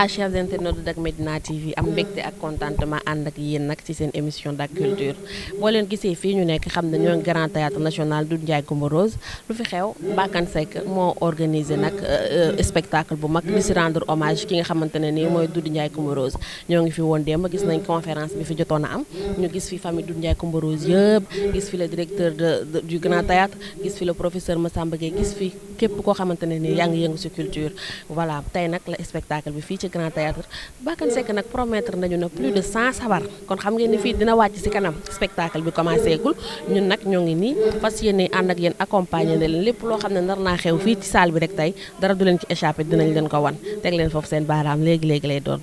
voilà chers internautes Dak Médina TV am mbégte ak contentement ànd ak yéen nag ci seen émission Dak Culture boo leen gisee fii ñu nekk xam ne ñoo ngi Grand Théâtre National Doudou Ndiaye Coumba Rose lu fi xew Mbakan Seck moo organisé nag euh, spectacle bu mag di si ki nga xamante ne nii mooy Doudou Ndiaye Coumba ñoo ngi fi woon démb gis nañ conférence bi fi jotoon a am ñu gis fi famille du Ndiaye Coumba Rose yëpp gis fi le directeur de du Grand Théâtre gis fi le professeur Massamba Gueye gis fi képp koo xamante ne nii yaa ngi grand théâtre Bakane sekk nag promettre nañu ne plus de 100 sabar kon xam ngeen ni fii dina wàcc ci kanam spectacle bi commencé gul ñun nag ñoo ngi nii fas yéene ànd ak yéen accompagner na leen lépp loo xam ne nar naa xew fii ci saal bi rek tey dara du leen ci échappé dinañ leen ko wan teg leen foofu seen baaraam léegi léegi lay doon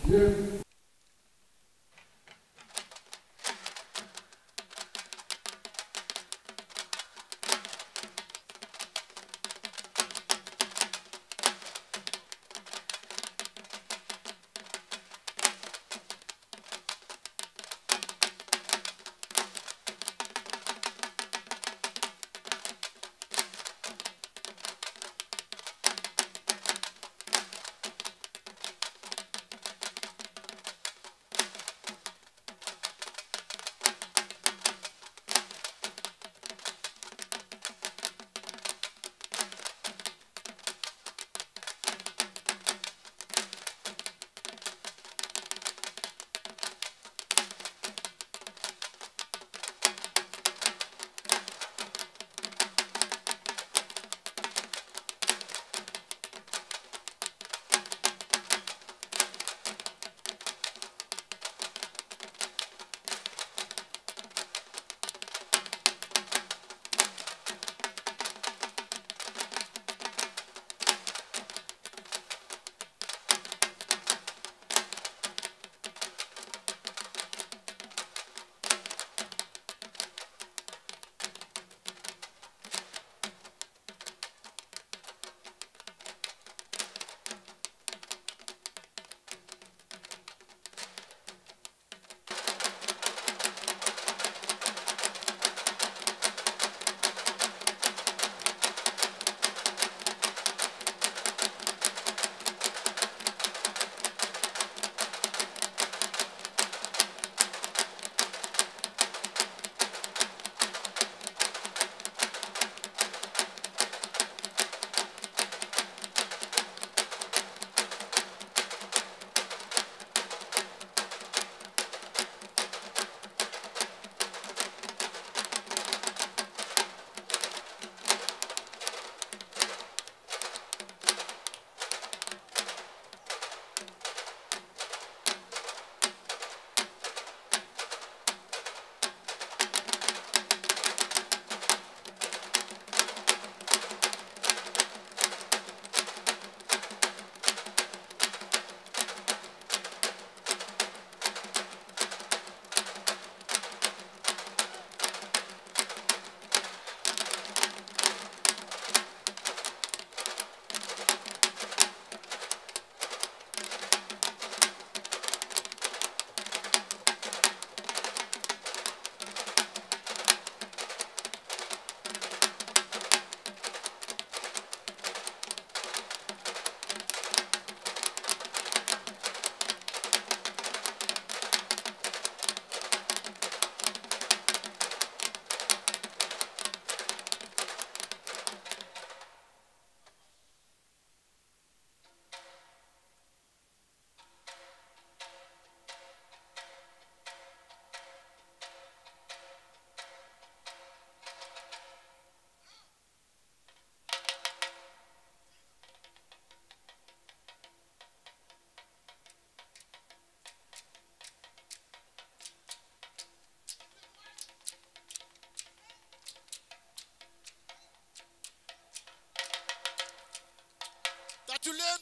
to learn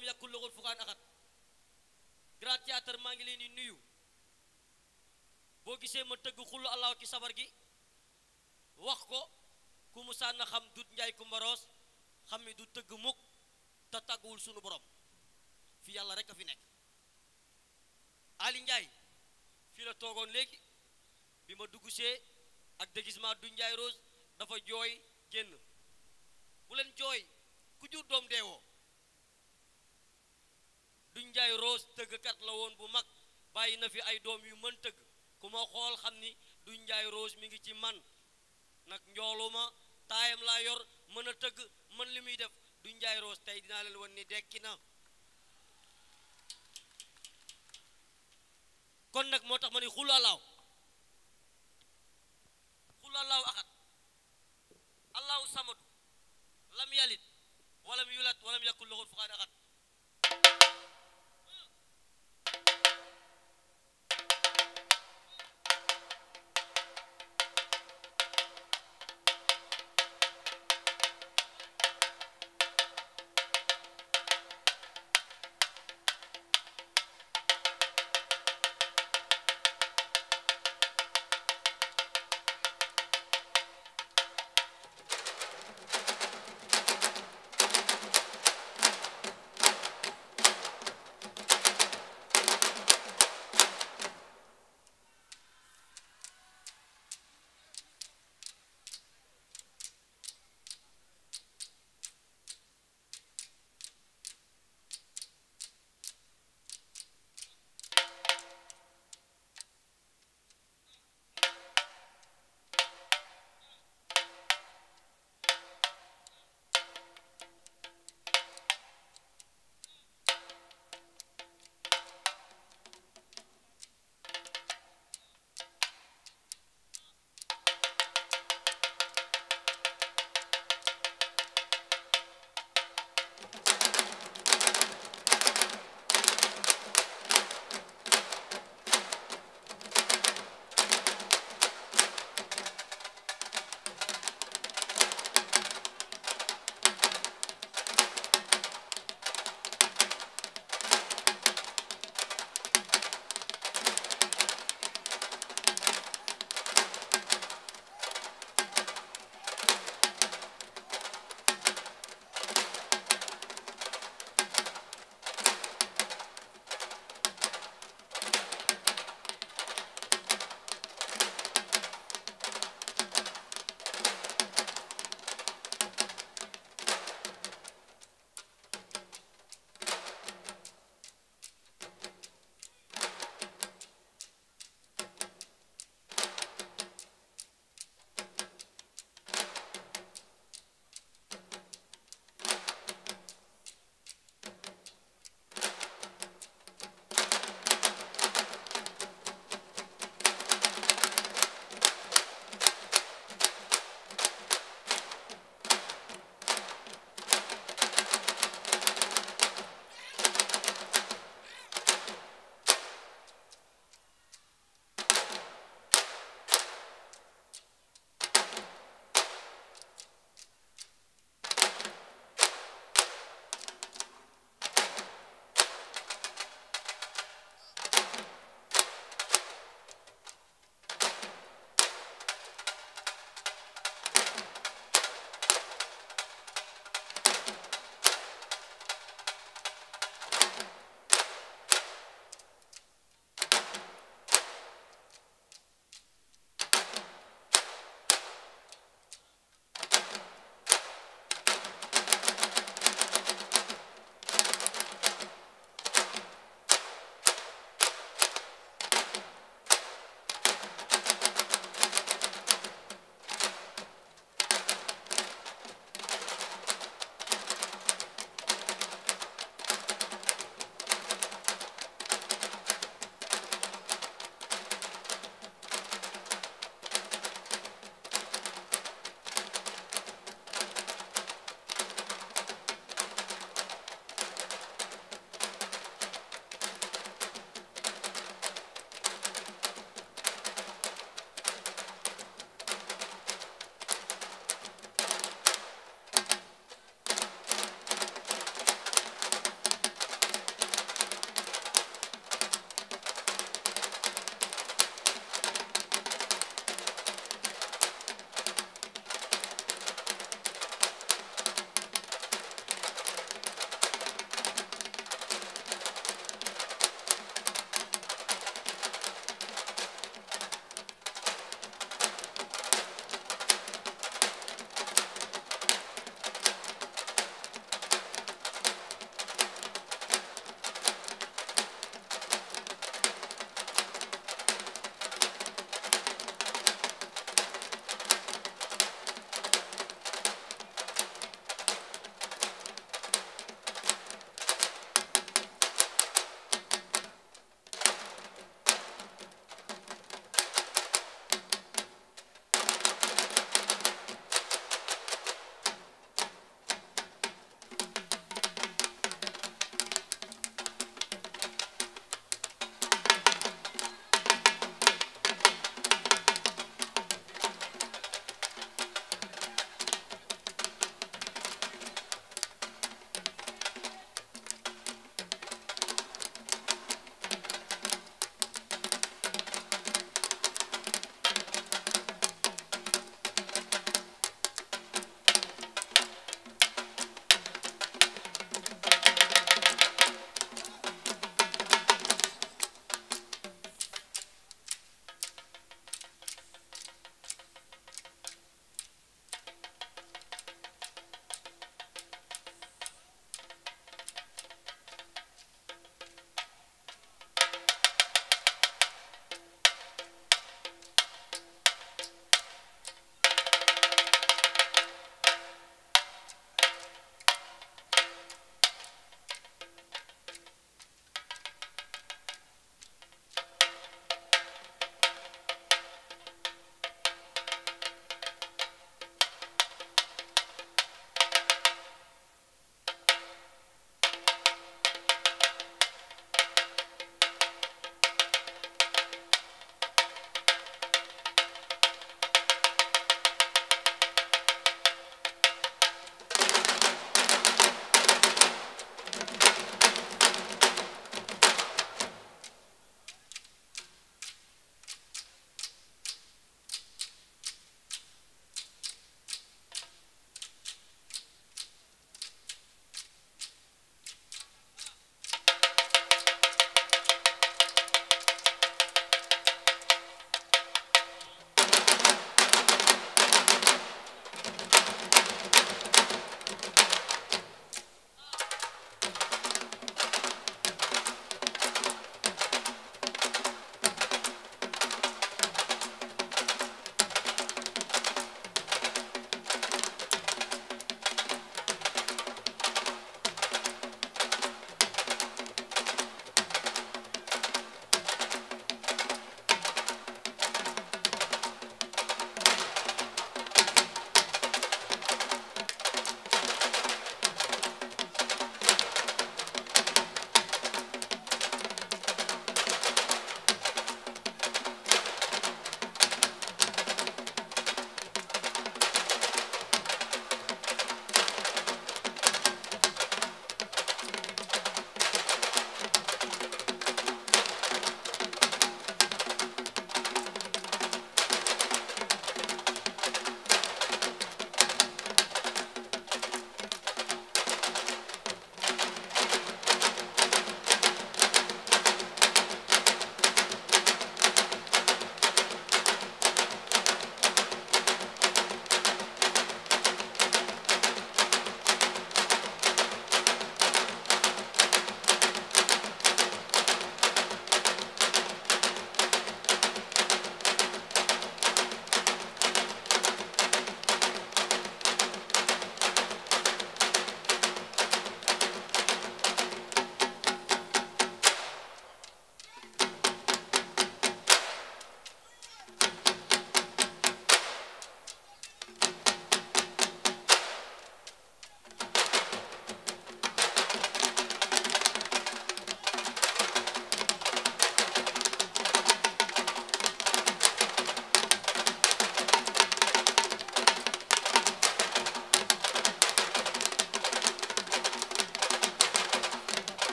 lam yakul lahu fuqan axat grand théâtre maa nuyu allah ki sabar gi wax ko ku mu xam dut njaay ku mbaroos xam ni du tëgg mukk te tàgguwul sunu borom fi yàlla rek fi nekk ali la du rose dafa joy génn bu leen jooy ku jur duñ njaay roos tëggkat la woon bu mag bàyyi na fi ay doom yu mën tëgg ku ma xool xam ni du njaay roos mi ngi ci man nag njooluma taayam laa yor mën a tëgg mën li muy def duñ njaay roos tey dinaa leen wan ni dekki na kon nag moo tax ma ni xul xulalaaw axat allahu samadu lam yalit walam yulat walam yakul lahu kufuwan ahad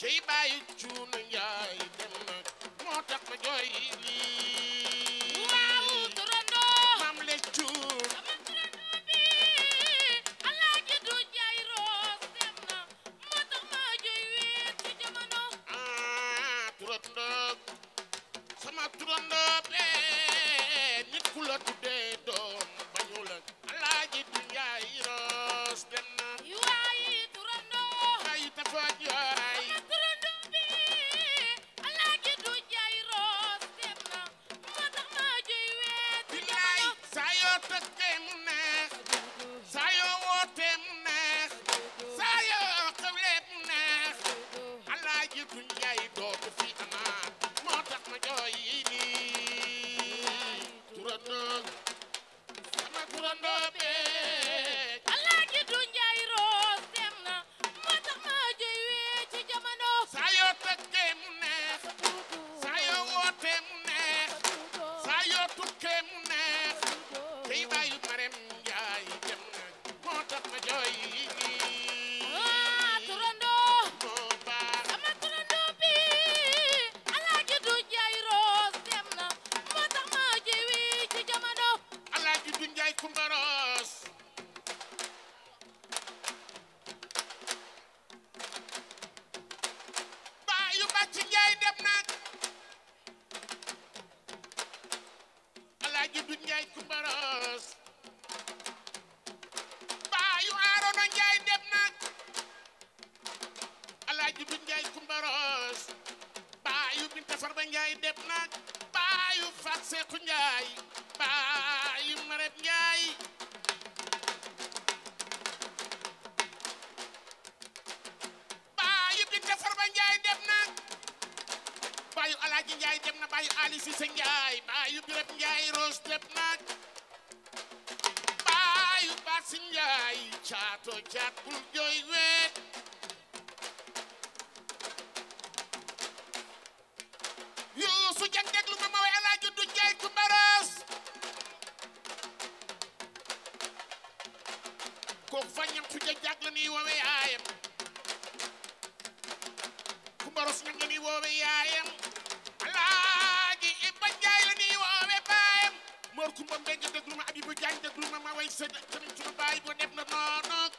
cey bàyyi cuunu njaay dem na moo tax ma jooy lii Mor Kumba Mbeng déglu ma Abibu Jaañ déglu ma ma way sëñ sëriñ suma baay boo dem na noonoog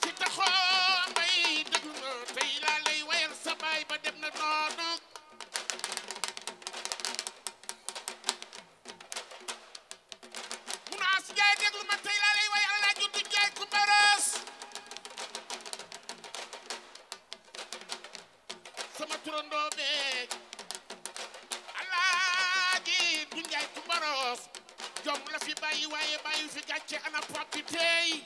si taxoo mbay déglu ma tey laa lay wayal sa baay ba dem na noonoog munu as jaay déglu ma tey laa lay wayal laa juddu jaay Kumba Ras sama turandoo beeg I'm you by you, I am by you, if you got your and a property.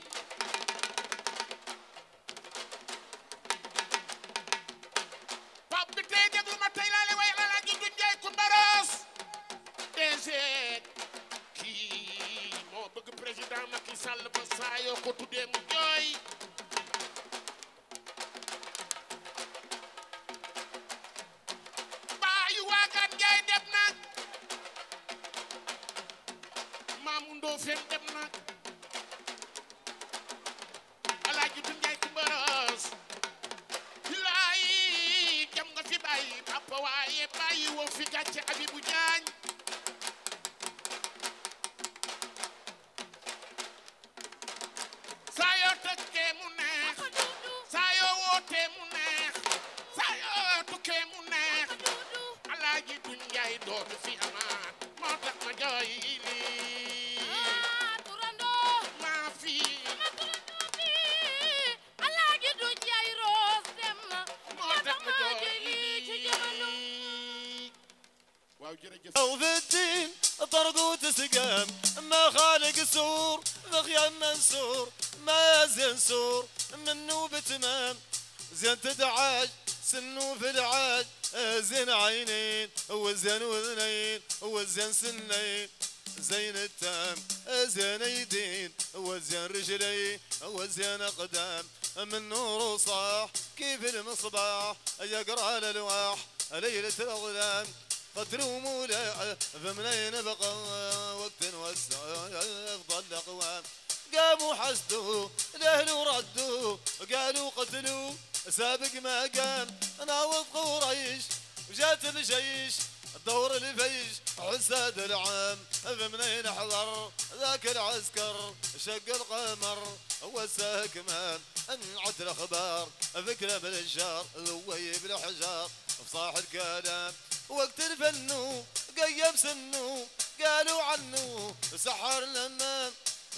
تمام زين تدعج سنو في العاج آه، زين عينين وزين وذنين وزين سنين زين التام آه، زين ايدين وزين رجلي وزين اقدام من نور صاح كيف المصباح يقرا الالواح ليله الاظلام قتل ومولع فمنين بقى وقت وسع افضل اقوام قاموا حسدوا لهل ردوا قالوا قتلوا سابق ما قام ناوض قريش وجات الجيش الدور الفيش حساد العام فمنين حضر ذاك العسكر شق القمر وساك ما انعت الاخبار فكره بالجار ذوي ذويب الحجار الكلام وقت الفنو قيم سنو قالوا عنو سحر الامام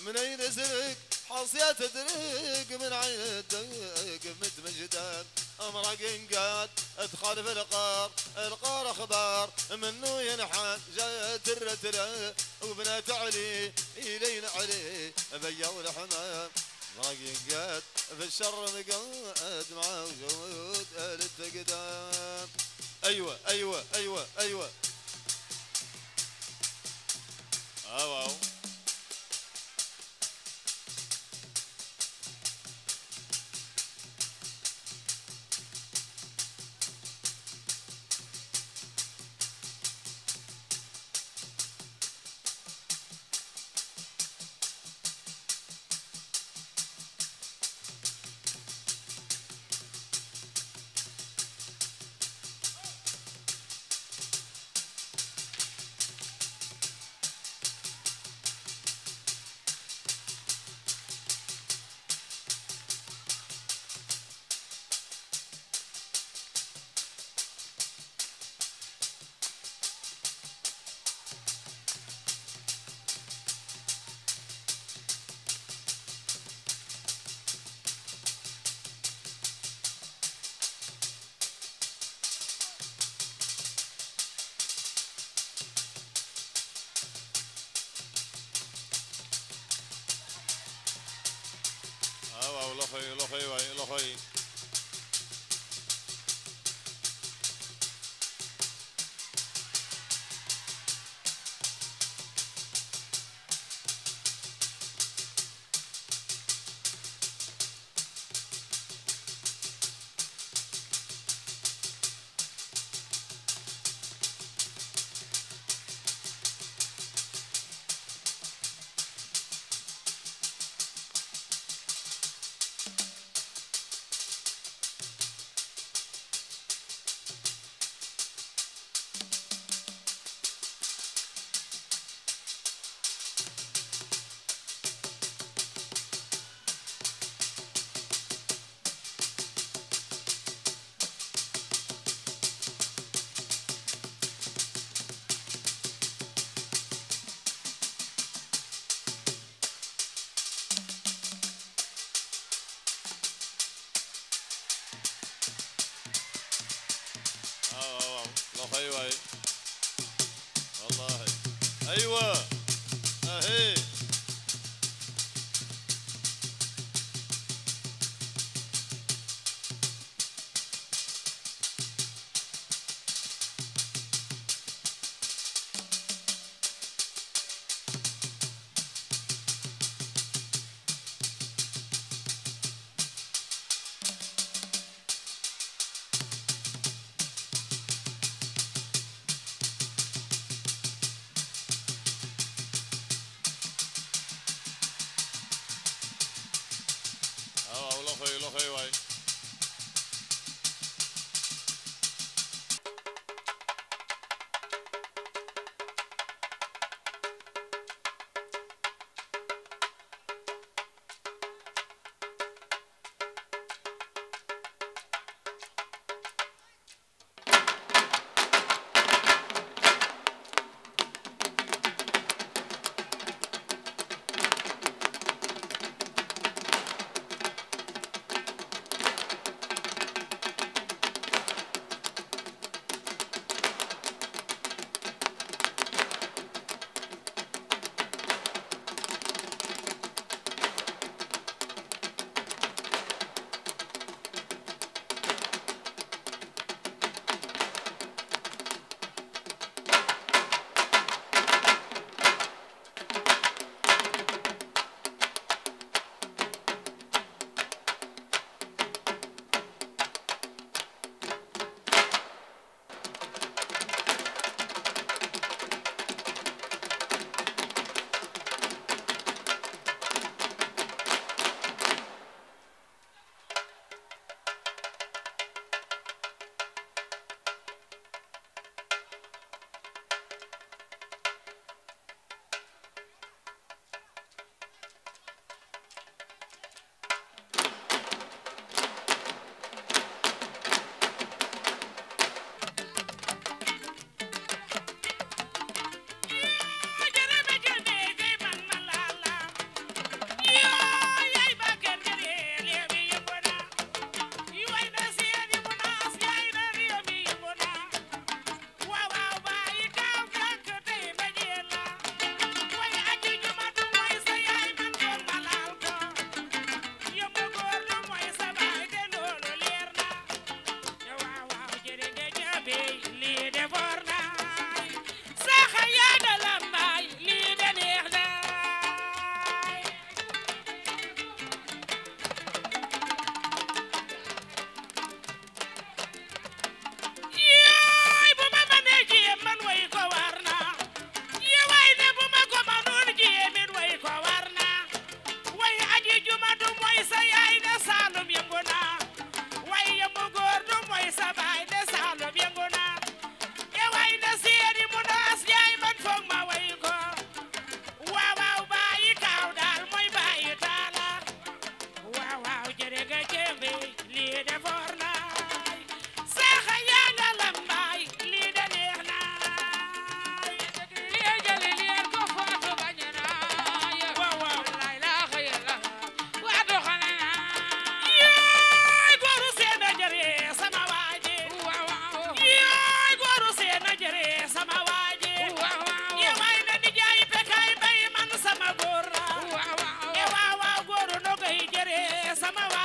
من اين ازرق حاصية تدريق من عيدك متمجدان امرق انقاد ادخل في القار القار اخبار منو ينحن جاية الرتلة وبنات علي يلين علي بيا ولحمام امرق انقاد في الشر مقاد مع وجود اهل التقدام ايوه ايوه ايوه ايوه, أيوة. Oh, wow. ايوه Mama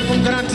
gran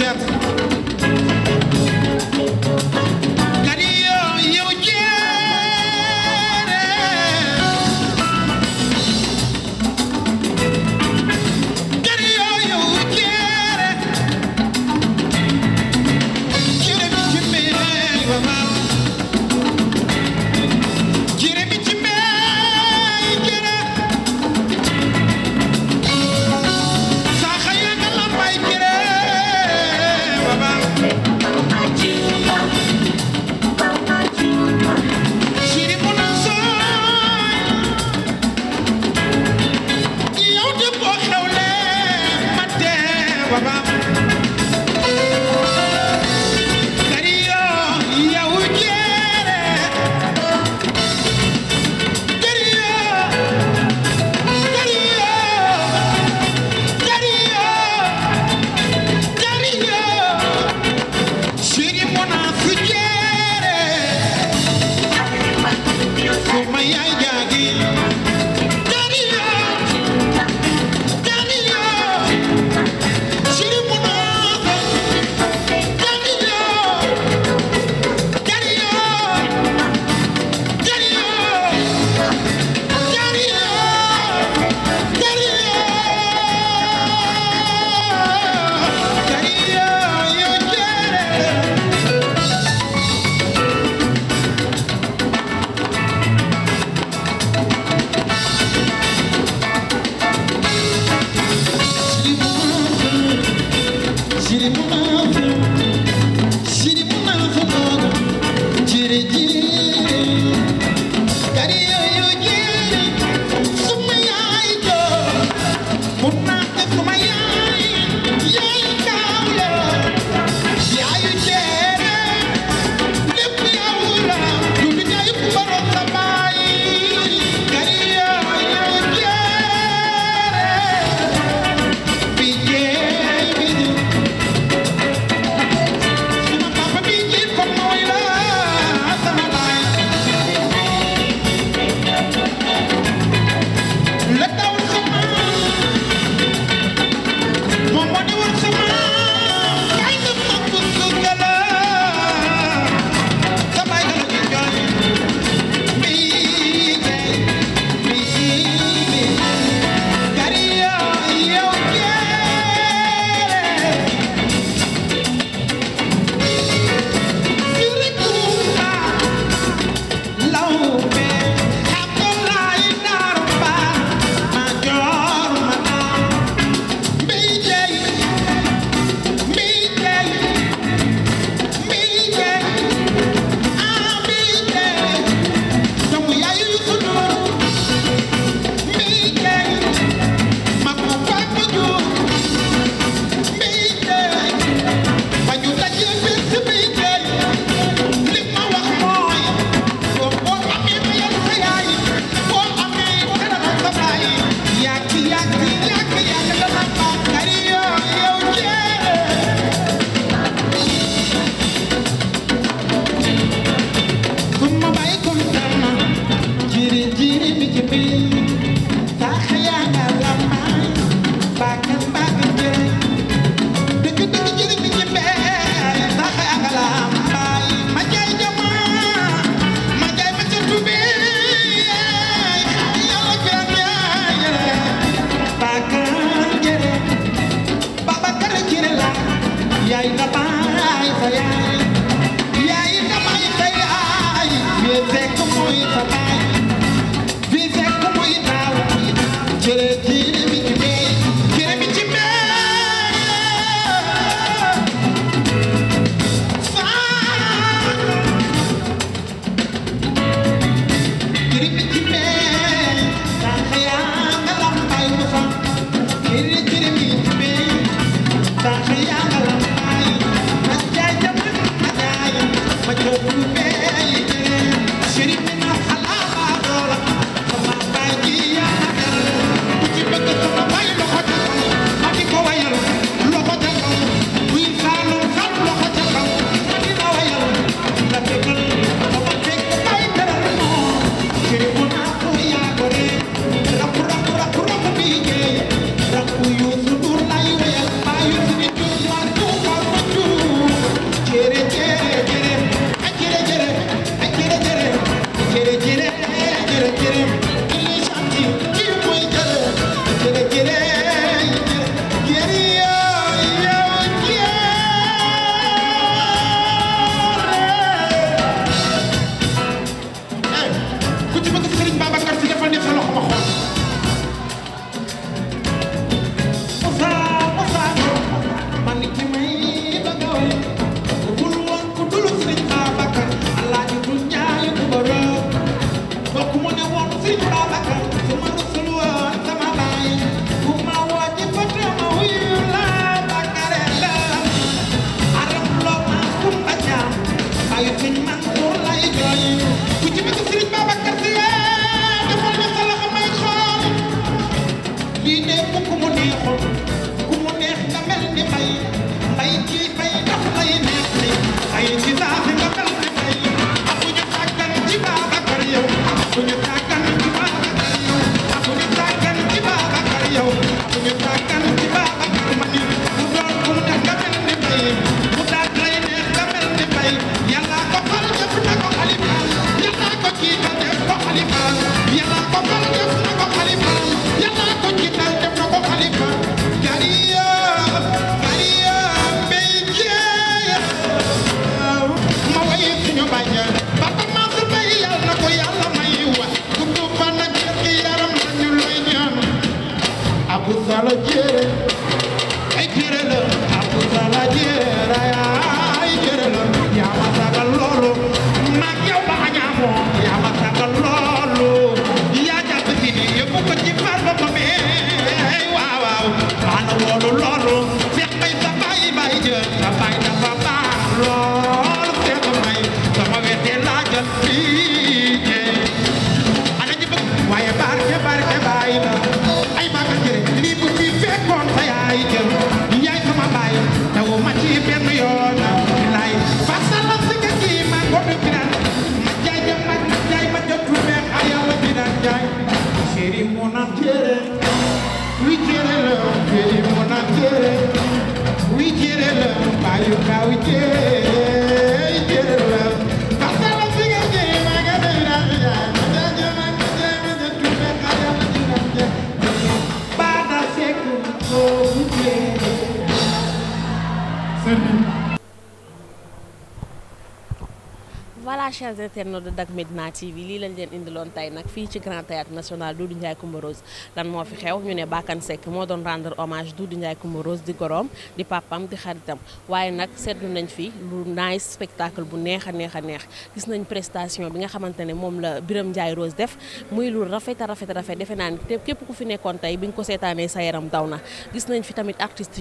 internet de Dak Médina TV lii lañ leen indiloon tey nag fii ci Grand Théâtre National Doudou Ndiaye Coumba Rose lan moo fi xew ñu ne Bakane Seck moo doon rendre hommage Doudou Ndiaye Coumba Rose di goroom di papam di xaritam waaye nag seetlu nañ fi lu naay spectacle bu neex a neex a neex gis nañ prestation bi nga xamante ne moom la Birame Ndiaye Rose def muy lu rafet a rafet rafet defe naa képp ku fi nekkoon tey bi nga ko seetaanee sa yaram daw na gis nañ fi tamit artistes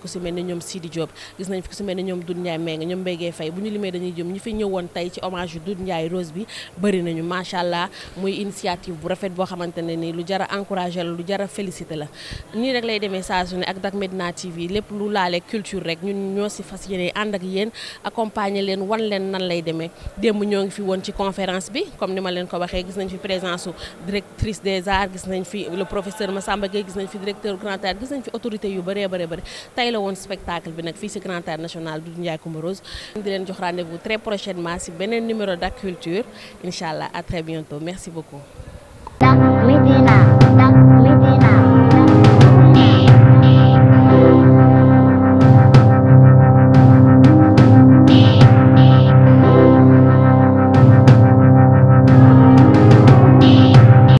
ku si mel ni ñoom Sidi Diop gis nañ fi ku si mel ni ñoom Doudou Ndiaye Mbengue ñoom Mbengue Faye bu ñu limee dañuy hommage yu Ndiaye Rose bi bari nañu machallah allah muy initiative bu rafet bo xamantene ni lu jara encourager lu jara a la ni rek lay demee sa su ak Dak Medina TV lepp lu laale culture rek ñun ñoo si fas yéene ànd ak yeen accompagner len wan len nan lay demee démb ñoo ngi fi won ci conférence bi comme nima len ko waxé gis nañ fi présence directrice des arts gis nañ fi le professeur Massamba Gueye gis nañ fi directeur Grand art gis nañ fi autorité yu bari bari bari tay la won spectacle bi nak fi ci Grand art National Doudou Ndiaye Coumba Rose di len jox rendez-vous très prochainement ci benen numéro d'Acculture. Inch'Allah, à très bientôt. Merci beaucoup.